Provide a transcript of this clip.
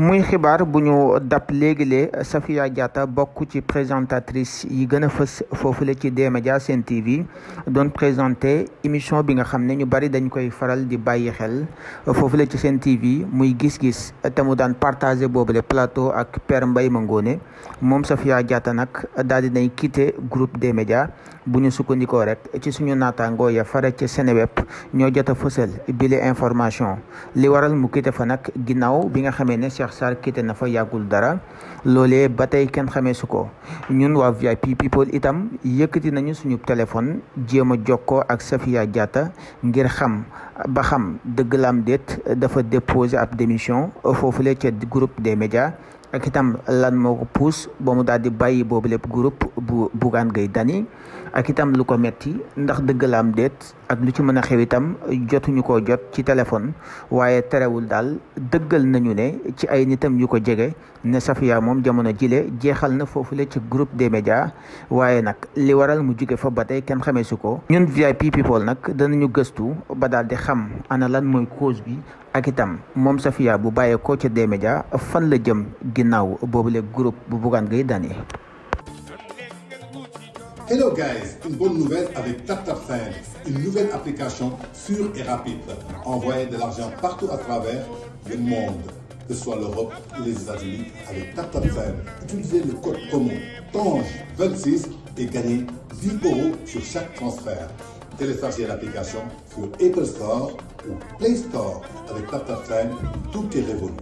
muy xibaar bu ñu dab léegi-lee Safia Diatta bokk ci présentatrice yi gën a foofu la ci D-Media Sen TV doon présenté émission bi nga xam ne ñu bari dañ koy faral di bàyyi xel foofu la ci Sen TV muy gis-gis te mu daan partagé boobule plateau ak per Père Mbaye Mangone moom Safia Diatta nag daal di nay quitté groupe D-Media bu ñu sukkandikoo rek ci suñu naataangoo ya fare ci Seneweb ñoo jot a fësal bile information li waral mu quitté fa nag ginnaaw bi nga xamee ne Cheikh Sarr quitté na fa yàggul dara loolee ba tey kenn xamee su ko ñun waa VIP people itam yëkkati nañu suñu téléphone jéem a jokkoo ak safiya Diatta ngir xam ba xam dëgg laam dafa déposé ab démission foofule ca groupe des médias ak itam lan moo ko puus ba mu daal di bàyyi boobu lépp groupe bu Bougane Gueye Dany ak itam lu ko metti ndax dëgg la déet ak lu ci mën a xew itam jotuñu ko jot ci téléphone waaye terewul daal dëggal nañu ne ci ay nitam yu ko jege ne safiya moom jamono jile jeexal na foofu foofule ci group de médias waaye nag li waral mu jóge fa ba tey kenn xamee su ko ñun VIP people nag danañu gëstu ba daal di xam ana lan mooy cause bi akitam Safia bu fan la jëm groupe Hello guys, une bonne nouvelle avec TapTapSend, une nouvelle application sûre et rapide. Envoyez de l'argent partout à travers le monde, que ce soit l'Europe ou les États-Unis avec TapTapSend. Utilisez le code promo TANGE26 et gagnez 10 euros sur chaque transfert téléchargez l'application sur Apple Store ou Play Store avec TapTapSend, tout est révolu.